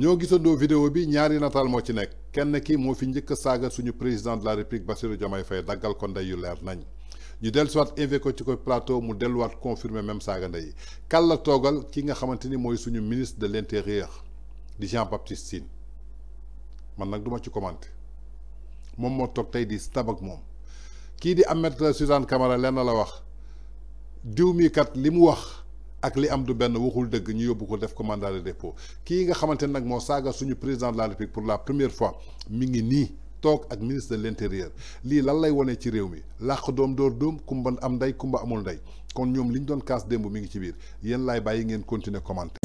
ñoo gisandoo vidéo bi ñaari nataal moo ci nekk kenn ki moo fi njëkk saaga suñu président de la république Bassirou Diomaye fay daggal ko ndey yu leer nañ ñu dellusiwaat invité ko ci ko plateau mu delluwaat confirmer même saaga ndey kal la toogal ki nga xamante ni mooy suñu ministre de l'intérieur di Jean Baptiste Tine man nag duma ci commenté moom moo toog tey di stab ak moom kii di Ahmed Suzanne Camara lenn la wax diw mi li mu wax ak li am du benn waxul dëgg ñu yóbbu ko def ko mandat de dépôt kii nga xamante nag moo saaga suñu président la république pour la première fois mi ngi nii toog ak ministre de l'intérieur lii lan lay wane ci réew mi làq doom door doom kumba am ndey kumba amul ndey kon ñoom li ñu doon kaas démb mi ngi ci biir yéen laay bàyyi ngeen continuer commenter